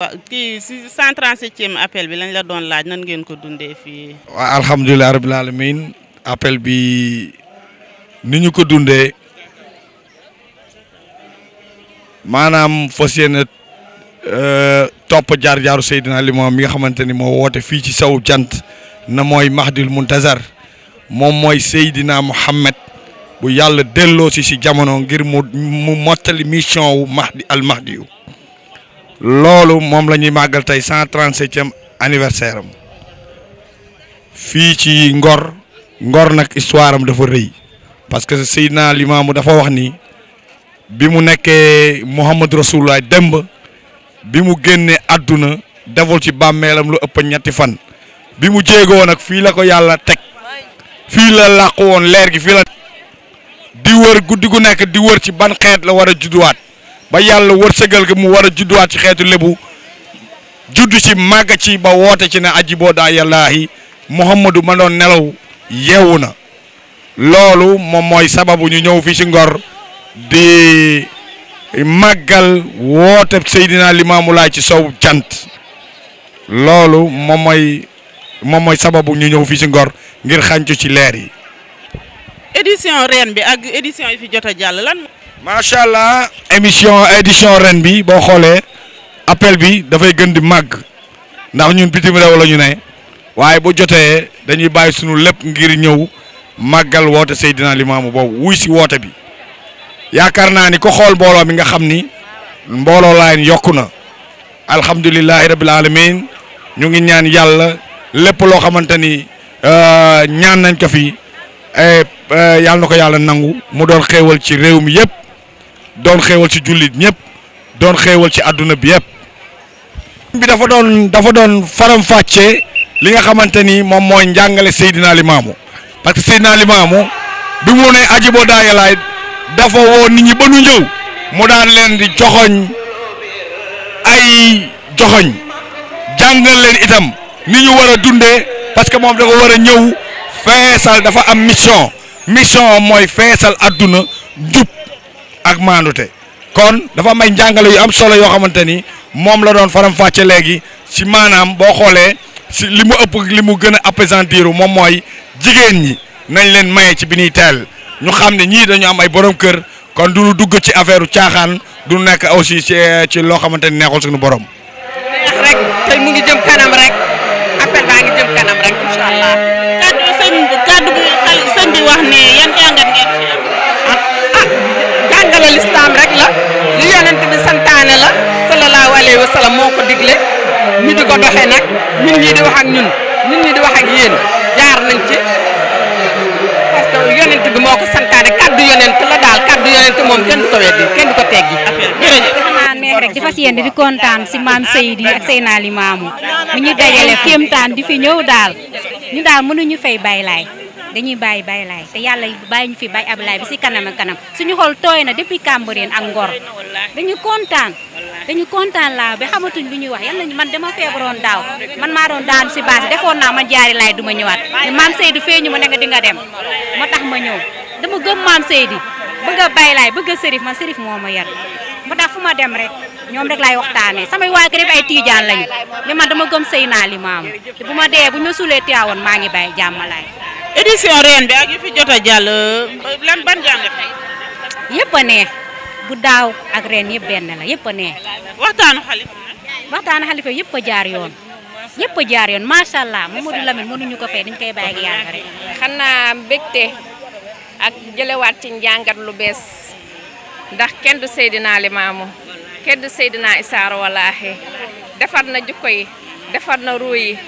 waaw kii si 137 appel bi lañ la doon laaj nan ngeen ko dundee fii. waaw alhamdulilah rabil alamin appel bi ni ñu ko dundee maanaam fas yéene euh, topp jaar-jaaru Seydina limon mi nga xamante ni moo woote fii ci saw jant na mooy Mahdil Muntazar moom mooy Seydina Muhammad bu yàlla delloo si si jamono ngir mu mottali mission wu Mahdi al Mahdi yu loolu moom la ñuy màggal tey cent trent septième anniversaire am fii ci Ngor Ngor nag histoire am dafa rëy parce que Seydina mu dafa wax ni bi mu nekkee Mouhamad Rasulullah demb bi mu génnee àdduna deful ci bàmmeelam lu ëpp ñetti fan bi mu jéegoo nag fii la ko yàlla teg fii la làqu woon leer gi fii la di wër guddi gu nekk di wër ci ban xeet la war a judduwaat ba yàlla wërsëgal gi mu war a judduwaat ci xeetu lebu juddu ci màgg ci ba woote ci ne aji boo daa yàllaahi Muhammadu ma doon nelaw yeewu na loolu moom mooy sababu ñu ñëw fii ci Ngor di màggal woote Seydina Limaamu Laay ci sow jant loolu moom mooy moom mooy sababu ñu ñëw fii ci Ngor ngir xàncu ci leer yi. édition ren bi ak édition yi fi jot a jàll lan. macha allah émission édition ren bi boo xoolee appel bi dafay gën di màgg ndax ñun bitim réew la ñu ne waaye bu jotee dañuy bàyyi sunu lépp ngir ñëw màggal woote Seydina Limaamu boobu wuy si woote bi yaakaar naa ni ko xool mbooloo bi nga xam ni mbooloo laay yokku na alhamdulilahi rabil alamin ñu ngi ñaan yàlla lépp loo xamante ni euh, ñaan nañ ko fi euh, yàlla na ko yàlla nangu mu doon xéewal ci réew mi yëpp doon xéewal ci jullit ñëpp doon xéewal ci àdduna bi yëpp. bi dafa doon dafa doon faram li nga xamante ni moom mooy njàngale Seydina Limaamu parce que Seydina Limaamu bi mu ne ajiboo daayalaay dafa woo nit ñi ba nu ñëw mu daan leen di joxoñ ay joxoñ jàngal leen itam ni ñu war a dundee parce que moom dafa war a ñëw feesal dafa am mission mission mooy feesal àdduna njub ak maandute kon dafa may ay yu am solo yo xamanteni mom la doon faram faccé légui ci manam bo xolé ci limu ëpp ak limu gëna a mom moy jigen ñi nañ leen maye ci bi tal ñu xam ñi dañu am ay borom kër kon du dugg ci affaireu tiaxan du nekk aussi ci ci lo xamanteni neexul suñu borom. rek tay mu ngi jëm kanam rek appel ba ngi jëm kanam rek inshallah kaddu allah. bu kaddu bu kàddu sëñ bi wax ne yan alayhi wasallam moko diglé ñu di ko doxee ñun di wax ak ñun ñun ñi di wax ak yeen jaar nañ ci parce que yonent bi moko santane kaddu yonent la dal kaddu yonent mom kenn ko kenn ko di di si Seydi ak Seyna di fi ñu fay dañuy te ñu fi bay bi si kanam kanam suñu xol na depuis dañu kontaan la be xamatuñ lu ñuy wax yalla man dama febron daw man ma doon daan ci base defo na ma jaari lay duma ñëwaat mam Seydou feñu ma ne nga di nga dem ma tax ma ñëw dama gëm mam seydi bëgg bay lay bëgg serif sërif man sërif moo ma yar moo tax fuma dem rek ñom rek laay waxtaanee samay waa kër ay tiijaan lañu ni man dama gëm seyna li mam te bu bu ñu sulé tiawon ma ngi bay jàmmalaay édition ren bi ak yu fi jotta jall lan ban jàng yépp ané bu daaw ak ren yeb ben la yeb ne neex. khalifa xalifa khalifa yeb jaar yoon. yeb jaar yoon macha allah Mamadou Lamine mënuñu ko fe dañ koy baye ak yàlla rek. xana mbekté ak wat ci jangat lu bes ndax kenn du Seydina Limaamu kenn du Seydina Isaa defar na jukko yi defar na ruuy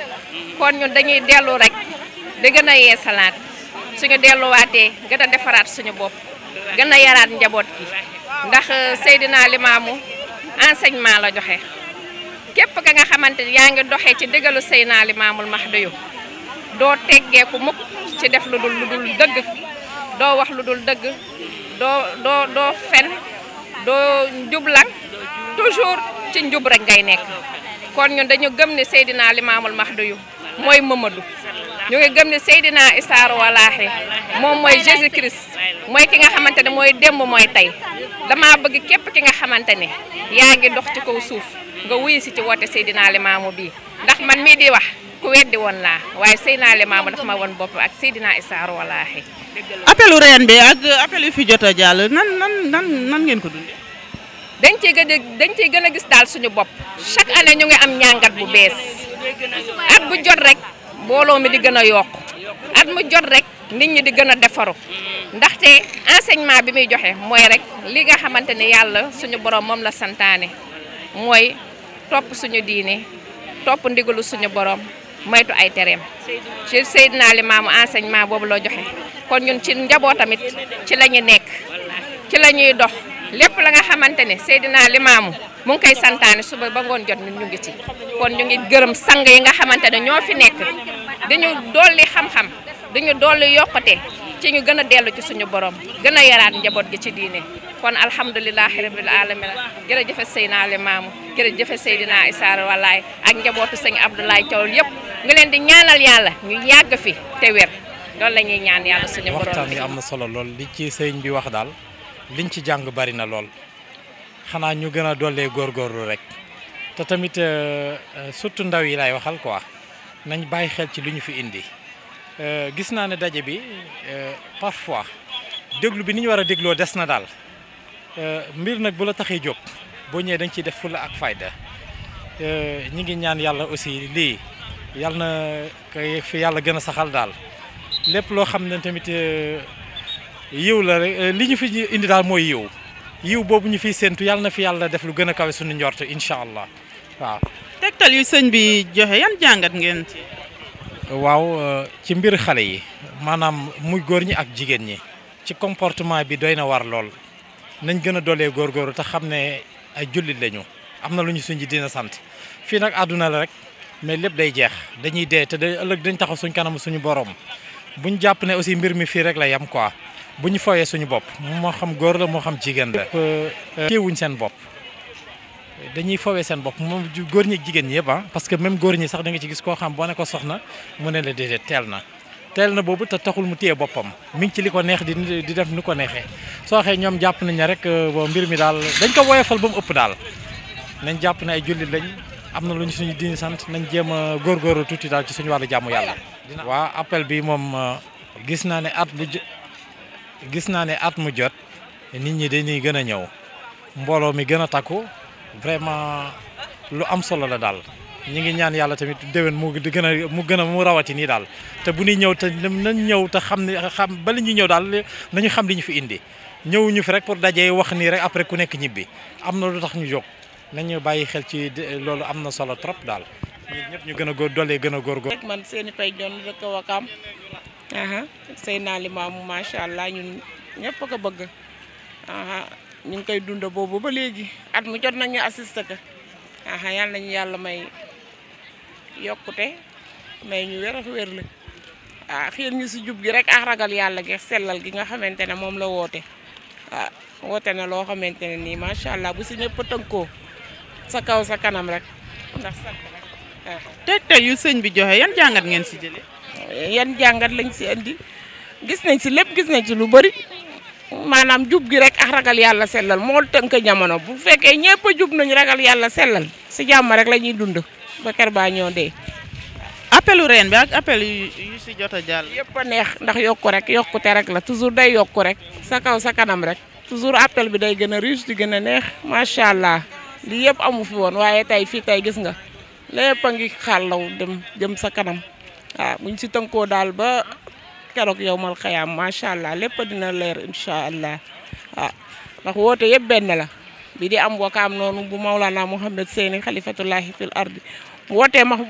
kon ñun dañuy delu rek de gëna yé salat suñu delu waté gëna defaraat suñu bop gëna yaraat gi ndax euh, Seydina Limaamu enseignement la joxe képp ka nga xamante ni yaa ngi doxee ci digalu Seydina Limaamul Mahdiyu doo teggeeku mukk ci def lu dul lu dul dëgg doo wax lu dul dëgg doo do doo fen doo njublan toujours ci njub rek ngay nekk kon ñun dañu gëm ni Seydina Limaamul Mahdiyu mooy Mamadou ñu ngi gëm ni Seydina Isaa Ruuhu Laahi moom mooy Jésus Christ mooy ki nga xamante ne mooy démb mooy dama bëgg képp ki nga xamante ne yaa ngi dox ci kaw suuf nga wuyu si ci woote Seydina Limaamu bii ndax man mii di wax ku weddi woon laa waaye Seydina Limaamu dafa ma woon bopp ak Seydina Issa Rouhou Lahi appelu ren bi ak appel fi jot a jàll nan nan nan nan ngeen ko dundee. dañ ciy gën a dañ ciy gën a gis daal suñu bopp chaque année ñu ngi am ñàngat bu bees at bu jot rek mbooloo mi di gën a yokk at mu jot rek nit ñi di gën a defaru ndaxte enseignement bi muy joxe moy rek li nga xamante ne suñu borom mom la santaane moy top suñu diine top ndigalu suñu borom maytu ay tereem ci ali mamu enseignement bobu lo joxe kon ñun ci njabo tamit ci lañu ñu nekk ci lañuy dox lepp la nga xamante ne ali mamu mu ngi koy santane suba ba ngon jot ñun ñu ngi ci kon ñu ngi gëreum sang yi nga xamante ño fi nekk dañu doli xam-xam dañu doli ci ñu gëna déllu ci suñu borom gëna yaraat njabot gi ci diiné kon alhamdullilah rabbil alamin jëfé sayna jërëjëfe Seydina Limaamu jëfé sayidina isaar Wallaay ak njabotu sëñ Abdoulaye Thiaw yépp nga leen di ñaanal yalla ñu yagg fi té wër lool lañuy ñaan yalla suñu borom waxtan yi amna solo lool li ci sëñ bi wax dal liñ ci jang bari na lool xana ñu gën a gor góorgóorlu rek ta tamit euh, surtout ndaw yi lay waxal quoi nañ bàyyi xel ci luñu fi indi Euh, gis naa ne daje bi euh, parfois déglu bi ni ñu war a dégloo des na daal euh, mbir nag bu la taxee jóg boo ñëwee dañ ciy def fulla ak fayda ñi ngi ñaan yàlla aussi lii yàlla na kay yàlla gën a saxal daal lépp loo xam ne tamit yiw la rek li ñu fi indi daal mooy yiw yiw boobu ñu fi séentu yàlla na fi yàlla def lu gën a kawe suñu njort incha allah waaw. tegtal yu sëñ bi joxe yan jàngat ngeen ci. waaw euh, ci mbir xale yi maanaam muy góor ñi ak jigéen ñi ci comportement bi doy na war lool nañ gën a doolee góoru te xam ne ay jullit lañu am na lu ñu suñ ji dina sant fii nag àdduna la rek mais lépp day jeex dañuy dee te day ëllëg dañ taxaw suñ kanam suñu borom buñ jàpp ne aussi mbir mi fii rek la yem quoi bu ñu foyee suñu bopp moo xam góor la moo xam jigéen la. Euh, téewuñ seen bopp. dañuy foowee seen bopp moom góor ñi jigéen ñi yëpp ah parce que même góor ñi sax danga nga ci gis koo xam boo ne ko soxna mu ne la déedéet teel na teel na boobu te taxul mu téye boppam mi ngi ci li ko neex di di def nu ko neexee soo xee ñoom jàpp nañ ne rek euh, mbir mi daal dañ ko woyofal ba mu ëpp daal nañ jàpp ne ay jullit lañ am na lu ñu suñu diini sant nañ jéem a góorgóorlu tuuti daal ci suñu wàllu jàmm yàlla. waa appel bi moom euh, gis naa ne at bu gis naa ne at mu jot nit ñi dañuy gën a ñëw mbooloo mi gën a takku vraiment lu am solo la daal ñi ngi ñaan yàlla tamit déwén mu di gën a mu gën a mu rawati nii daal te bu ñuy ñëw te nañ ñëw te xam ne xam bala ñuy ñëw daal nañu xam li ñu fi indi ñëwuñu fi rek pour dajee wax nii rek après ku nekk ñibbi am na lu tax ñu jóg nañu bàyyi xel ci loolu am na solo trop daal ñun ñu gën a góor doole gën a góorgóor man seeni fay joon dëkk Wakaam aha sëy naa limaamu macha allah ñun ñëpp ko bëgg ñu ngi koy dunda bobu ba légui at mu jot nañu assister ka aha yalla nañu yalla may yokkute may ñu wér ak la ah xiir ñu si jub gi rek ak ragal yalla gi selal gi nga xamantene mom la woote ah woote na lo xamantene ni ma sha allah bu si ñëpp tanko sa kaw sa kanam rek ndax sa ah. tegtal yu señ bi joxe yan jangat ngeen si jëlee yan jangat lañ si andi gis nañ si lepp gis nañ ci lu bari manam jub gi rek ak ah, ragal yalla selal, mo teunk jamono bu fekke ñepp jub nañu ragal yalla selal. si jamm rek la dund ba ker ba ñoo dee. appelu reen bi ak appel yu si jotta jall jàll. neex ndax yokku rek yokkute rek la toujours day yokku rek sa kaw sa kanam rek toujours appel bi day gëna riche di gëna neex ma sha allah li yëpp amu fi won waaye tay fi tay gis nga lépp ngi dem dem jëm sa kanam ah buñ ci tanko dal ba. keroog yow mal xayaam macha allah lépp dina leer incha allah waaw ah, ndax woote yëpp benn la bi di am wakaam noonu bu Mawlana Mouhamed Seyni xalifatullahi fil ardi wootee ma